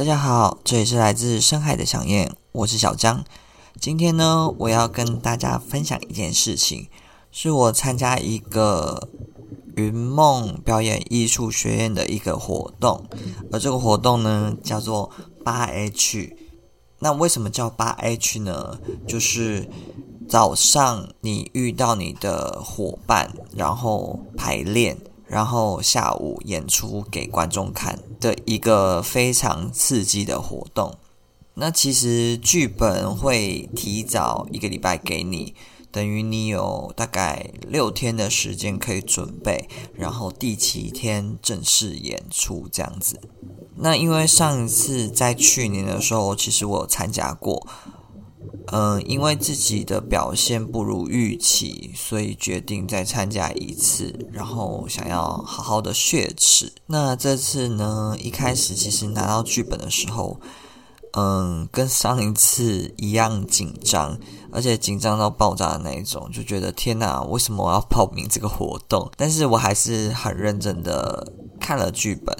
大家好，這裡是來自深海的響燕，我是小張。今天呢，我要跟大家分享一件事情，是我參加一個耘夢表演藝術學院的一個活動，而這個活動呢，叫做八 H。那為什麼叫八 H 呢？就是早上你遇到你的夥伴，然後排練，然後下午演出給觀眾看。的一個非常刺激的活動，那其實劇本會提早一個禮拜給你，等於你有大概六天的時間可以準備，然後第七天正式演出這樣子。那因為上一次在去年的時候，其實我有參加過。嗯，因為自己的表現不如預期，所以決定再參加一次，然後想要好好的雪恥。那這次呢？一開始其實拿到劇本的時候，嗯，跟上一次一樣緊張，而且緊張到爆炸的那一種，就覺得天哪，為什麼我要報名這個活動？但是我還是很認真的看了劇本，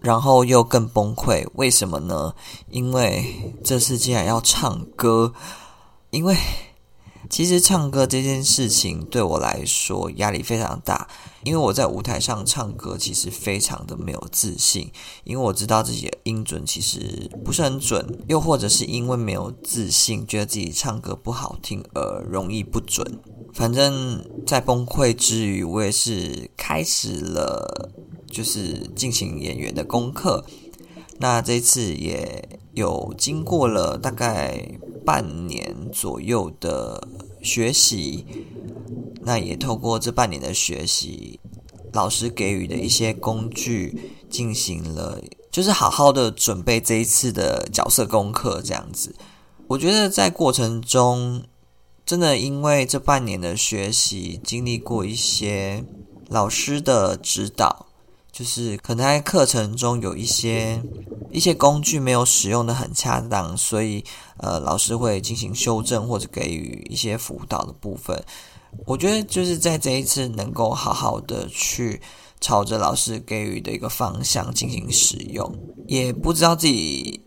然後又更崩潰。為什麼呢？因為這次竟然要唱歌。因為其實唱歌這件事情對我來說壓力非常大，因為我在舞台上唱歌其實非常的沒有自信，因為我知道自己的音準其實不是很準，又或者是因為沒有自信，覺得自己唱歌不好聽而容易不準。反正，在崩潰之餘，我也是開始了就是進行演員的功課。那這次也有經過了大概。半年左右的學習，那也透過這半年的學習，老師給予的一些工具，進行了就是好好的準備這一次的角色功課，這樣子。我覺得在過程中，真的因為這半年的學習，經歷過一些老師的指導。就是可能在課程中有一些一些工具沒有使用的很恰當，所以呃老師會進行修正，或者給予一些輔導的部分。我覺得就是在這一次能夠好好的去朝着老師給予的一個方向進行使用，也不知道自己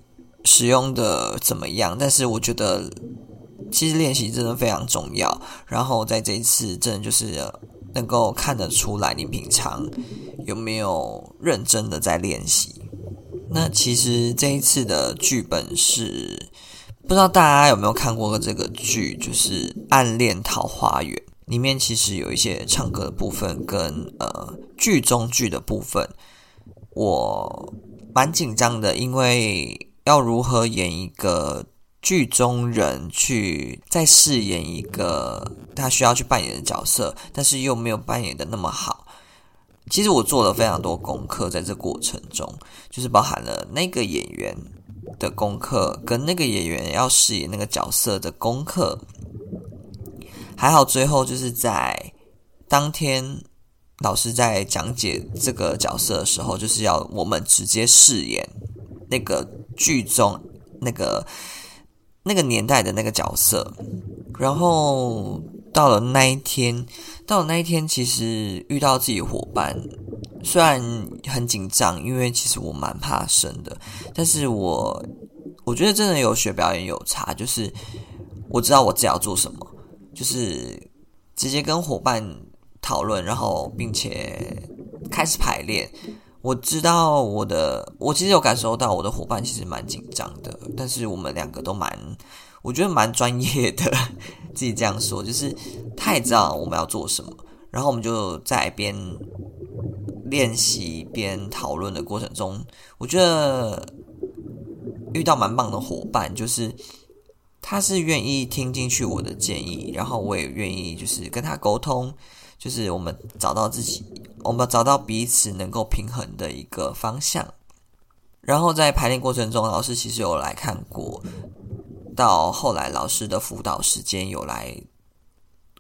使用的怎麼樣，但是我覺得其實練習真的非常重要。然後在這一次真的就是。呃能夠看得出來，你平常有沒有認真的在練習？那其實這一次的劇本是，不知道大家有沒有看過這個劇，就是《暗戀桃花源》，裡面其實有一些唱歌的部分跟呃劇中劇的部分，我蠻緊張的，因為要如何演一個。劇中人去再飾演一個他需要去扮演的角色，但是又沒有扮演得那麼好。其實我做了非常多功課，在這過程中，就是包含了那個演員的功課，跟那個演員要飾演那個角色的功課。還好最後就是在當天老師在講解這個角色的時候，就是要我們直接飾演那個劇中那個。那個年代的那個角色，然後到了那一天，到了那一天，其實遇到自己夥伴，雖然很緊張，因為其實我蠻怕生的，但是我我覺得真的有學表演有差，就是我知道我自己要做什麼，就是直接跟夥伴討論，然後並且開始排練。我知道我的，我其實有感受到我的夥伴其實蠻緊張的，但是我們兩個都蠻，我覺得蠻專業的。自己這樣說，就是他也知道我們要做什麼，然後我們就在邊練習邊討論的過程中，我覺得遇到蠻棒的夥伴，就是他是願意聽進去我的建議，然後我也願意就是跟他溝通，就是我們找到自己。我們找到彼此能夠平衡的一個方向，然後在排練過程中，老師其實有來看過，到後來老師的輔導時間有來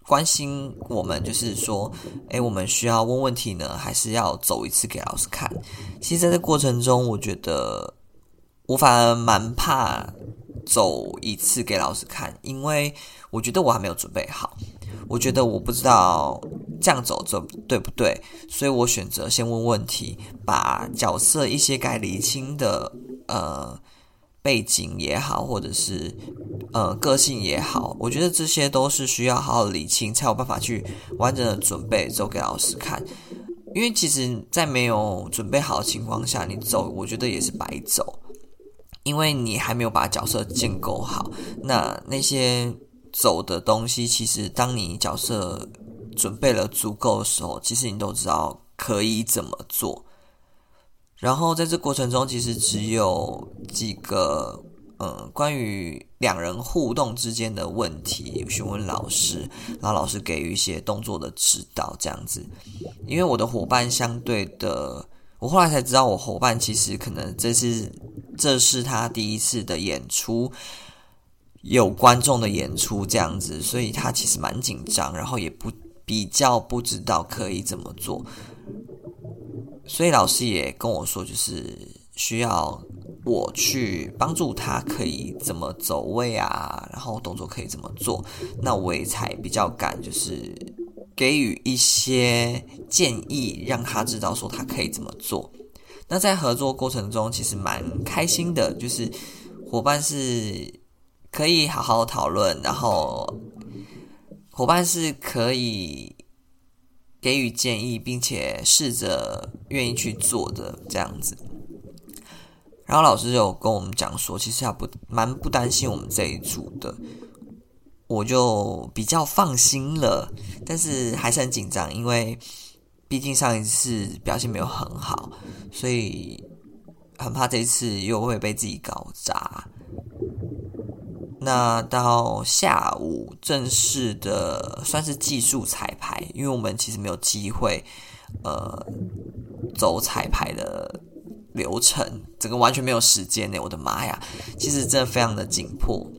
關心我們，就是說，誒，我們需要問問題呢，還是要走一次給老師看？其實在這過程中，我覺得我反而蠻怕。走一次給老師看，因為我覺得我還沒有準備好，我覺得我不知道這樣走這對不對，所以我選擇先問問題，把角色一些該理清的呃背景也好，或者是呃個性也好，我覺得這些都是需要好好理清，才有辦法去完整的準備走給老師看。因為其實，在沒有準備好的情況下，你走，我覺得也是白走。因為你還沒有把角色建構好，那那些走的東西，其實當你角色準備了足夠的時候，其實你都知道可以怎麼做。然後在這過程中，其實只有幾個嗯，關於兩人互動之間的問題，詢問老師，然後老師給予一些動作的指導，這樣子。因為我的夥伴相對的。我後來才知道，我夥伴其實可能這是這是他第一次的演出，有觀眾的演出這樣子，所以他其實蠻緊張，然後也不比較不知道可以怎麼做，所以老師也跟我說，就是需要我去幫助他，可以怎麼走位啊，然後動作可以怎麼做，那我也才比較敢就是。給予一些建議，讓他知道說他可以怎麼做。那在合作過程中，其實蠻開心的，就是夥伴是可以好好討論，然後夥伴是可以給予建議，並且試着願意去做的這樣子。然後老師有跟我們講說，其實他不蠻不擔心我們這一組的。我就比較放心了，但是還是很緊張，因為畢竟上一次表現沒有很好，所以很怕這一次又會被自己搞砸。那到下午正式的算是技術彩排，因為我們其實沒有機會，呃，走彩排的流程，整個完全沒有時間呢、欸。我的媽呀，其實真的非常的緊迫。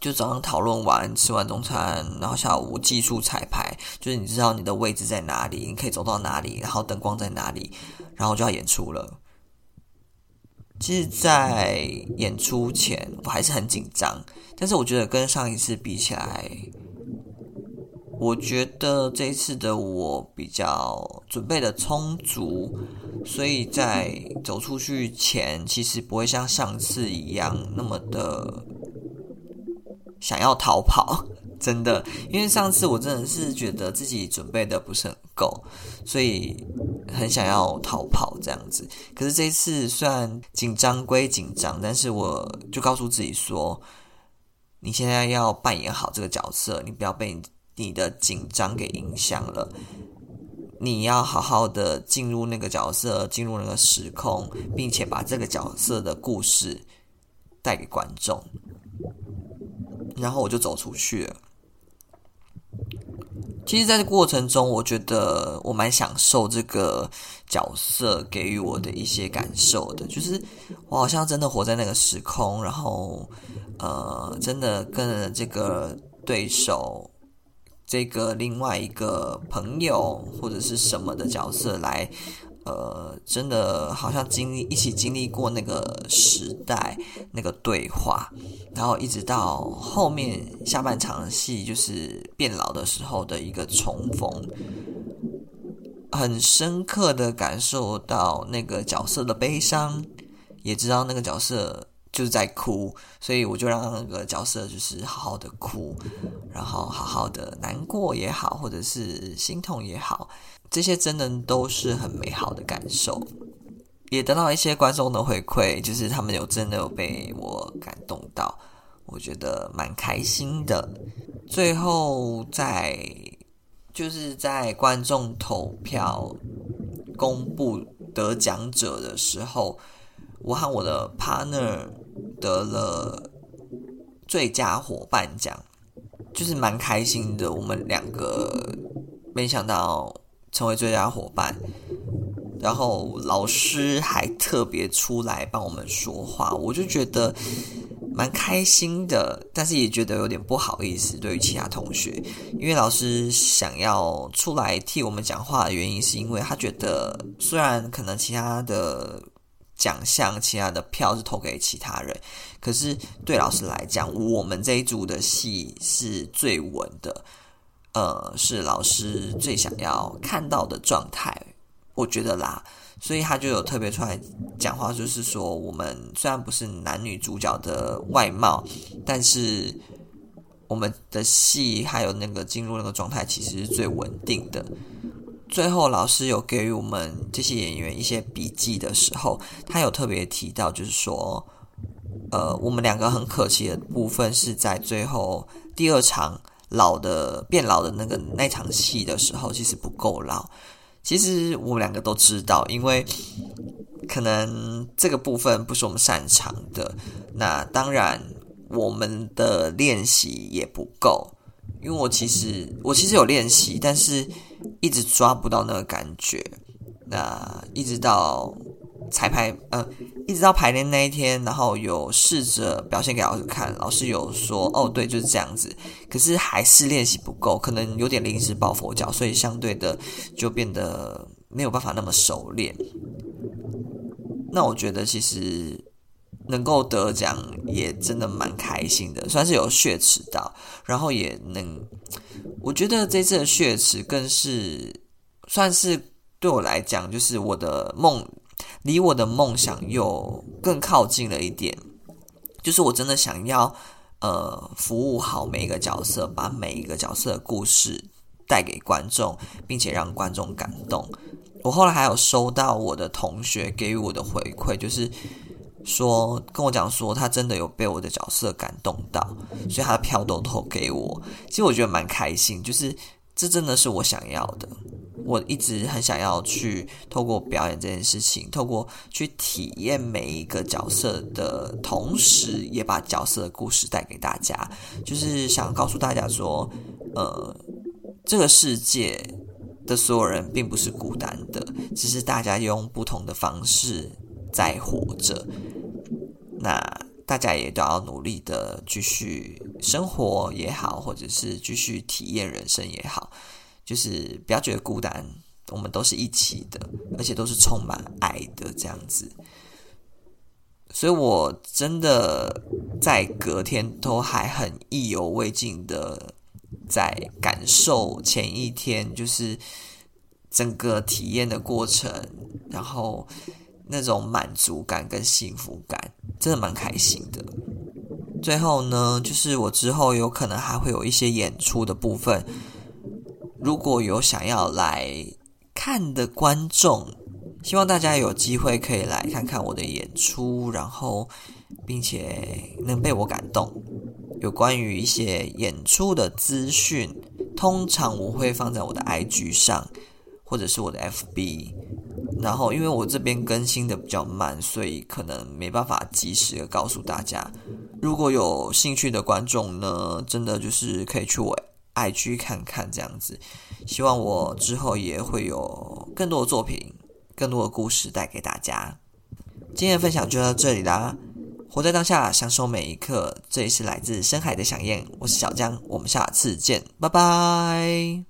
就早上討論完，吃完中餐，然後下午技術彩排，就是你知道你的位置在哪裡，你可以走到哪裡，然後燈光在哪裡，然後就要演出了。其實在演出前我還是很緊張，但是我覺得跟上一次比起來，我覺得這一次的我比較準備得充足，所以在走出去前，其實不會像上次一樣那麼的，想要逃跑，真的，因為上次我真的是覺得自己準備的不是很夠，所以很想要逃跑這樣子。可是這一次雖然緊張歸緊張，但是我就告訴自己說，你現在要扮演好這個角色，你不要被你的緊張給影響了。你要好好的進入那個角色，進入那個時空，並且把這個角色的故事帶給觀眾。然後我就走出去了。其實，在這個過程中，我覺得我蠻享受這個角色給予我的一些感受的，就是我好像真的活在那個時空，然後，呃，真的跟這個對手、這個另外一個朋友或者是什麼的角色來。呃，真的好像經歷，一起經歷過那個時代，那個對話，然後一直到後面下半場戲，就是變老的時候的一個重逢，很深刻的感受到那個角色的悲傷，也知道那個角色。就是在哭，所以我就讓那個角色就是好好的哭，然後好好的難過也好，或者是心痛也好，這些真的都是很美好的感受，也得到一些觀眾的回饋，就是他們有真的有被我感動到，我覺得蠻開心的。最後在就是在觀眾投票公布得獎者的時候，我和我的 partner。得了最佳夥伴獎，就是蠻開心的。我們兩個沒想到成為最佳夥伴，然後老師還特別出來幫我們說話，我就覺得蠻開心的。但是也覺得有點不好意思，對於其他同學，因為老師想要出來替我們講話的原因，是因為他覺得雖然可能其他的。獎項，其他的票是投給其他人，可是對老師來講，我們這一組的戲是最穩的，呃，是老師最想要看到的狀態，我覺得啦，所以他就有特別出來講話，就是說，我們雖然不是男女主角的外貌，但是我們的戲還有那個進入那個狀態，其實是最穩定的。最後，老師有給予我們這些演員一些筆記的時候，他有特別提到，就是說，呃，我們兩個很可惜的部分是在最後第二場老的變老的那個那場戲的時候，其實不夠老。其實我們兩個都知道，因為可能這個部分不是我們擅長的，那當然我們的練習也不夠。因為我其實我其實有練習，但是一直抓不到那個感覺。那一直到彩排，呃，一直到排練那一天，然後有試着表現給老師看，老師有說：“哦，對，就是這樣子。”可是還是練習不夠，可能有點臨時抱佛腳，所以相對的就變得沒有辦法那麼熟練。那我覺得其實。能夠得獎也真的蠻開心的，算是有雪恥到，然後也能，我覺得這次的雪恥更是算是對我來講，就是我的夢離我的夢想又更靠近了一點。就是我真的想要呃，服務好每一個角色，把每一個角色的故事帶給觀眾，並且讓觀眾感動。我後來還有收到我的同學給予我的回饋，就是。說跟我講說，他真的有被我的角色感動到，所以他的票都投給我。其實我覺得蠻開心，就是這真的是我想要的。我一直很想要去透過表演這件事情，透過去體驗每一個角色的同時，也把角色的故事帶給大家。就是想告訴大家說，呃，這個世界的所有人並不是孤單的，只是大家用不同的方式在活着。那大家也都要努力的繼續生活也好，或者是繼續體驗人生也好，就是不要覺得孤單，我們都是一起的，而且都是充滿愛的這樣子。所以我真的在隔天都還很意猶未盡的在感受前一天就是整個體驗的過程，然後。那種滿足感跟幸福感，真的蠻開心的。最後呢，就是我之後有可能還會有一些演出的部分，如果有想要來看的觀眾，希望大家有機會可以來看看我的演出，然後並且能被我感動。有關於一些演出的資訊，通常我會放在我的 IG 上，或者是我的 FB。然後，因為我這邊更新的比較慢，所以可能沒辦法及時的告訴大家。如果有興趣的觀眾呢，真的就是可以去我 IG 看看這樣子。希望我之後也會有更多的作品、更多的故事帶給大家。今天的分享就到這裡啦，活在當下，享受每一刻。這裡是來自深海的想念，我是小江，我們下次見，拜拜。